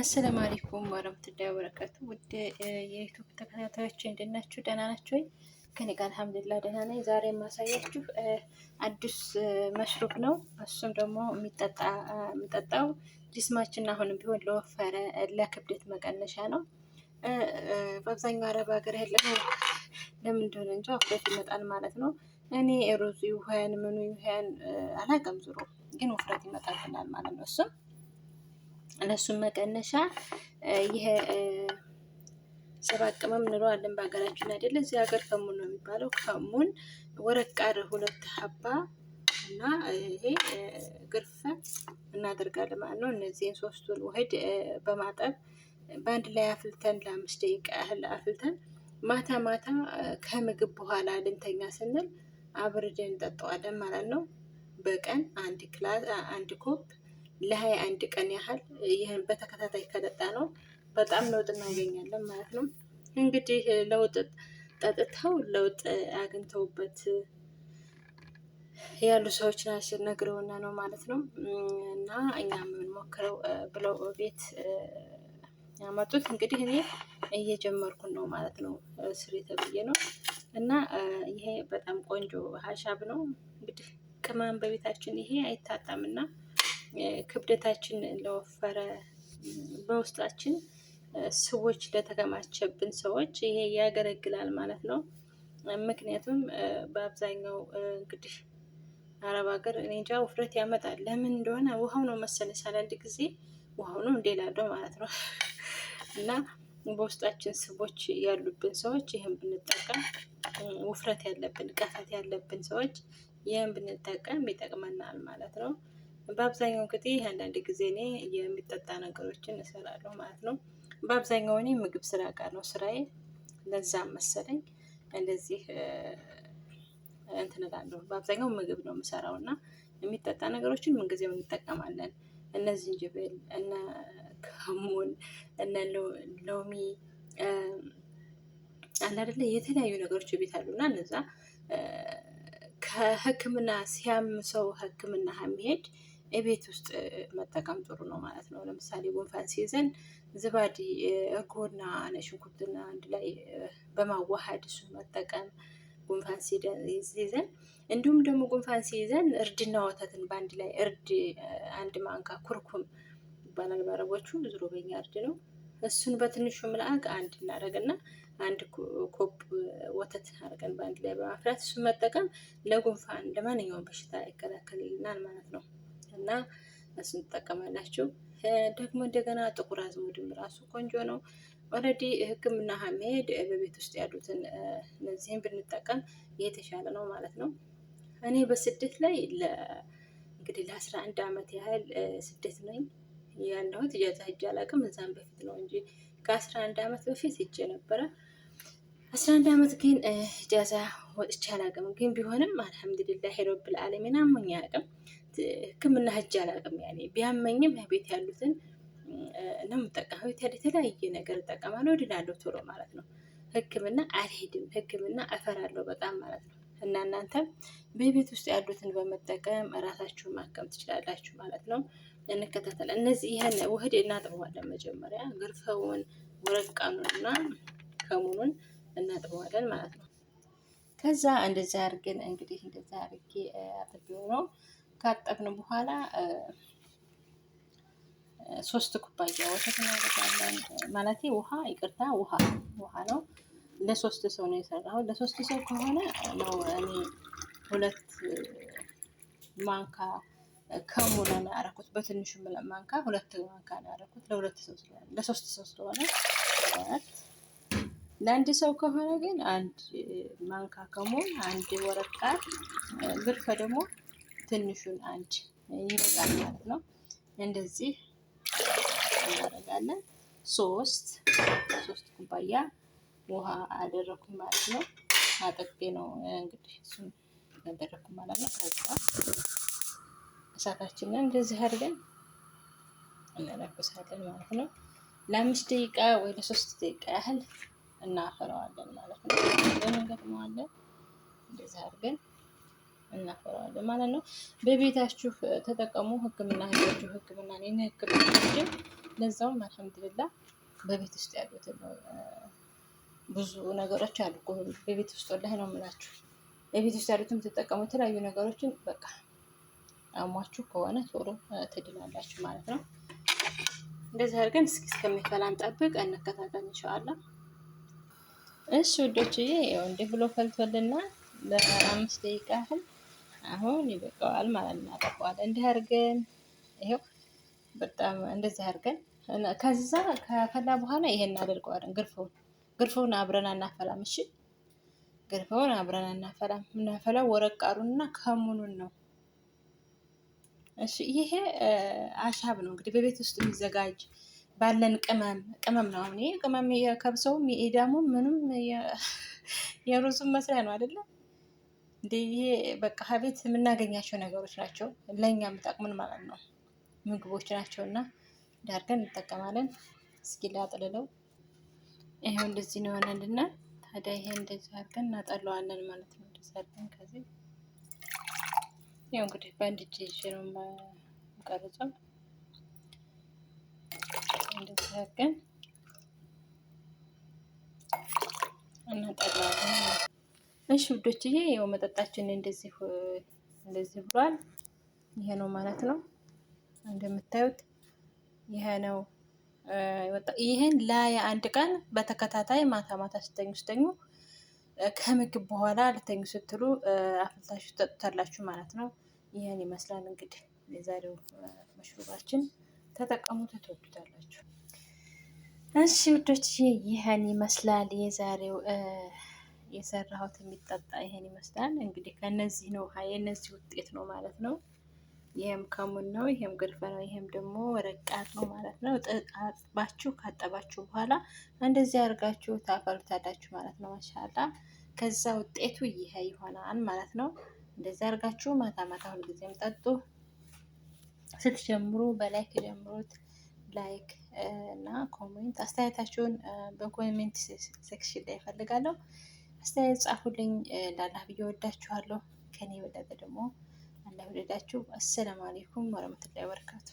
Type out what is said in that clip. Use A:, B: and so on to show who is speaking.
A: አሰላሙ አለይኩም ወረህመቱላሂ ወበረካቱ። ውድ የዩቱብ ተከታታዮች እንደምን ናችሁ? ደህና ናችሁ ወይ? ከኔ ጋር አልሐምዱሊላህ ደህና ነኝ። ዛሬ የማሳያችሁ አዲስ መሽሩብ ነው። እሱም ደግሞ የሚጠጣው ጅስማችን አሁንም ቢሆን ለወፈረ ለክብደት መቀነሻ ነው። በአብዛኛው አረብ ሀገር ያለ ለምን እንደሆነ እንጂ ውፍረት ይመጣል ማለት ነው። እኔ ሩዙ ይውኸን ምኑ ይውኸን አላውቅም፣ ዙሮ ግን ውፍረት ይመጣልናል ማለት ነው እሱም ለእሱም መቀነሻ ይሄ ስራ ቅመም እንለዋለን በሀገራችን አይደለ? እዚህ ሀገር ከሙን ነው የሚባለው። ከሙን ወረቃር ሁለት ሀባ እና ይሄ ግርፈ እናደርጋለን ማለት ነው። እነዚህን ሶስቱን ውህድ በማጠብ በአንድ ላይ አፍልተን ለአምስት ደቂቃ ያህል አፍልተን ማታ ማታ ከምግብ በኋላ ልንተኛ ስንል አብርደን እንጠጠዋለን ማለት ነው። በቀን አንድ ክላስ አንድ ኮፕ ለሀያ አንድ ቀን ያህል ይህን በተከታታይ ከጠጣ ነው በጣም ለውጥ እናገኛለን ማለት ነው። እንግዲህ ለውጥ ጠጥተው ለውጥ አግኝተውበት ያሉ ሰዎች ናቸው ነግረውና ነው ማለት ነው። እና እኛ የምንሞክረው ብለው ቤት ያመጡት እንግዲህ እኔ እየጀመርኩን ነው ማለት ነው። ስሪ ተብዬ ነው እና ይሄ በጣም ቆንጆ ሀሻብ ነው። እንግዲህ ቅመም በቤታችን ይሄ አይታጣምና ክብደታችን ለወፈረ በውስጣችን ስቦች ለተከማቸብን ሰዎች ይሄ ያገለግላል ማለት ነው። ምክንያቱም በአብዛኛው እንግዲህ አረብ ሀገር እኔ እንጃ ውፍረት ያመጣል። ለምን እንደሆነ ውሃው ነው መሰለ ሳላንድ ጊዜ ውሃው ነው እንደ ማለት ነው። እና በውስጣችን ስቦች ያሉብን ሰዎች ይህን ብንጠቀም፣ ውፍረት ያለብን ቀፈት ያለብን ሰዎች ይህን ብንጠቀም ይጠቅመናል ማለት ነው። በአብዛኛው ጊዜ አንዳንድ ጊዜ እኔ የሚጠጣ ነገሮችን እሰራለሁ ማለት ነው። በአብዛኛው እኔ ምግብ ስራ ጋር ነው ስራዬ። ለዛም መሰለኝ እንደዚህ እንትን እላለሁ። በአብዛኛው ምግብ ነው የምሰራው እና የሚጠጣ ነገሮችን ምንጊዜም እንጠቀማለን። እነ ዝንጅብል፣ እነ ከሙን፣ እነ ሎሚ አለ የተለያዩ ነገሮች ቤት እና እነዛ ከህክምና ሲያም ሰው ህክምና የሚሄድ የቤት ውስጥ መጠቀም ጥሩ ነው ማለት ነው። ለምሳሌ ጉንፋን ሲይዘን ዝባዲ፣ እርጎና ነጭ ሽንኩርትና አንድ ላይ በማዋሃድ እሱን መጠቀም ጉንፋን ሲይዘን እንዲሁም ደግሞ ጉንፋን ሲይዘን እርድና ወተትን በአንድ ላይ እርድ አንድ ማንካ ኩርኩም ይባላል በአረቦቹ፣ ዙሮ በኛ እርድ ነው። እሱን በትንሹ ምልአቅ አንድ እናደርግና አንድ ኮፕ ወተት አድርገን በአንድ ላይ በማፍራት እሱን መጠቀም ለጉንፋን ለማንኛውም በሽታ ይከላከልልናል ማለት ነው። እና እሱን ትጠቀማላችሁ። ደግሞ እንደገና ጥቁር አዝሙድም ራሱ ቆንጆ ነው። ኦልሬዲ ሕክምና ሀሜድ በቤት ውስጥ ያሉትን እነዚህን ብንጠቀም የተሻለ ነው ማለት ነው። እኔ በስደት ላይ እንግዲህ ለአስራ አንድ አመት ያህል ስደት ነኝ ያለሁት። እጃዛ ሂጅ አላውቅም። እዛም በፊት ነው እንጂ ከአስራ አንድ አመት በፊት ሂጅ ነበረ። አስራ አንድ አመት ግን እጃዛ ወጥቼ አላውቅም። ግን ቢሆንም አልሐምዱሊላህ ሄሮብል ዓለሚን አሞኝ አያውቅም። ሕክምና ህጅ አላቅም። ያኔ ቢያመኝም ቤት ያሉትን ነው የምጠቀመው። የተለያየ ነገር እጠቀማለሁ፣ እድናለሁ ቶሎ ማለት ነው። ሕክምና አልሄድም፣ ሕክምና እፈራለሁ በጣም ማለት ነው። እና እናንተም በቤት ውስጥ ያሉትን በመጠቀም ራሳችሁን ማከም ትችላላችሁ ማለት ነው። እንከታተል። እነዚህ ይህን ውህድ እናጥበዋለን። መጀመሪያ ግርፈውን፣ ወረቃኑን ከሙኑን እናጥበዋለን ማለት ነው። ከዛ እንደዛ አድርገን እንግዲህ እንደዛ አድርጌ አድርጌው ነው ካጠብን በኋላ ሶስት ኩባያ ወተት እናደርጋለን። ማለት ውሃ ይቅርታ፣ ውሃ ውሃ ነው። ለሶስት ሰው ነው የሰራው። ለሶስት ሰው ከሆነ ነው እኔ ሁለት ማንካ ከሙን ነው ያደረኩት። በትንሹ ማንካ ሁለት ማንካ ነው ያደረኩት ለሁለት ሰው ስለሆነ፣ ለሶስት ሰው ስለሆነ ለአንድ ሰው ከሆነ ግን አንድ ማንካ ከሙን፣ አንድ ወረቃ ግርፈ ደግሞ ትንሹን አንድ ይበቃል ማለት ነው። እንደዚህ እናደርጋለን። ሶስት ሶስት ኩባያ ውሃ አደረኩኝ ማለት ነው። አጠቤ ነው እንግዲህ እሱን ያደረኩ ማለት ነው። ከዛ እሳታችንን እንደዚህ አድርገን እናለኩሳለን ማለት ነው። ለአምስት ደቂቃ ወይ ለሶስት ደቂቃ ያህል እናፈረዋለን ማለት ነው። ለምን እንገጥመዋለን እንደዚህ አድርገን እናፈራዋለን ማለት ነው። በቤታችሁ ተጠቀሙ። ህክምና ህዳችሁ ህክምና ነ ህክምና ጅም ለዛውም አልሐምዱልላ በቤት ውስጥ ያሉት ብዙ ነገሮች አሉ። በቤት ውስጥ ወላሂ ነው የምላችሁ። በቤት ውስጥ ያሉትም ተጠቀሙ። የተለያዩ ነገሮችን በቃ አሟችሁ ከሆነ ቶሎ ትድናላችሁ ማለት ነው። እንደዚህ አድርገን እስኪ እስከሚፈላን ጠብቅ እንከታተል እንሻአላ። እሺ ውዶችዬ፣ ያው እንዲህ ብሎ ፈልቶልና ለአምስት ደቂቃ ያህል አሁን ይበቃዋል ማለት ነው። እናጠባዋለን እንዲህ አድርገን ይሄው በጣም እንደዚህ አድርገን ከዛ ከፈላ በኋላ ይሄን እናደርገዋለን። ግርፎን ግርፎን አብረን አናፈላም። እሺ ግርፎን አብረን አናፈላም። ምናፈላው ወረቃሩንና ከሙኑን ነው። እሺ ይሄ አሻብ ነው እንግዲህ በቤት ውስጥ የሚዘጋጅ ባለን ቅመም ቅመም ነው። አሁን ይሄ ቅመም የከብሰውም የኢዳሙም ምንም የሩዙም መስሪያ ነው አይደለም እንዲህ በቃ ከቤት የምናገኛቸው ነገሮች ናቸው ለእኛ የሚጠቅሙን ማለት ነው። ምግቦች ናቸው እና ዳርገን እንጠቀማለን። እስኪ ላጥልለው። ይሄው እንደዚህ ነው የሆነልና ታዲያ ይሄ እንደዚህ አድርገን እናጠለዋለን ማለት ነው። እንደዚህ አድርገን ከዚህ ያው እንግዲህ በአንድ እጅ ይዤ ነው የምቀርጸው። እንደዚህ አድርገን እናጠለዋለን እሺ ውዶችዬ ያው መጠጣችን እንደዚህ እንደዚህ ብሏል። ይሄ ነው ማለት ነው እንደምታዩት ይሄ ነው። ይሄን ላይ አንድ ቀን በተከታታይ ማታ ማታ ስተኙ ስተኙ ከምግብ በኋላ ልተኙ ስትሉ አፍልታችሁ ትጠጡታላችሁ ማለት ነው። ይህን ይመስላል እንግዲህ የዛሬው መሽሩባችን ተጠቀሙት፣ ትወዱታላችሁ። እሺ ውዶች ይህን ይመስላል የዛሬው የሰራሁት የሚጠጣ ይሄን ይመስላል። እንግዲህ ከነዚህ ነው የነዚህ ውጤት ነው ማለት ነው። ይሄም ከሙን ነው፣ ይሄም ግርፈ ነው፣ ይሄም ደግሞ ወረቃት ነው ማለት ነው። አጥባችሁ ካጠባችሁ በኋላ እንደዚህ አድርጋችሁ ታፈሉታላችሁ ማለት ነው። ማሻላ ከዛ ውጤቱ ይሄ ይሆናል ማለት ነው። እንደዚህ አድርጋችሁ ማታ ማታ ሁልጊዜም ጠጡ። ስትጀምሩ በላይክ ጀምሩት። ላይክ እና ኮሜንት አስተያየታችሁን በኮሜንት ሴክሽን ላይ ይፈልጋለሁ። አስተያየት ጻፉልኝ። ላላህ ብዬ ወዳችኋለሁ። ከኔ በለጠ ደግሞ አላህ ወደዳችሁ። አሰላሙ አሌይኩም ወረመቱላሂ ወበረካቱ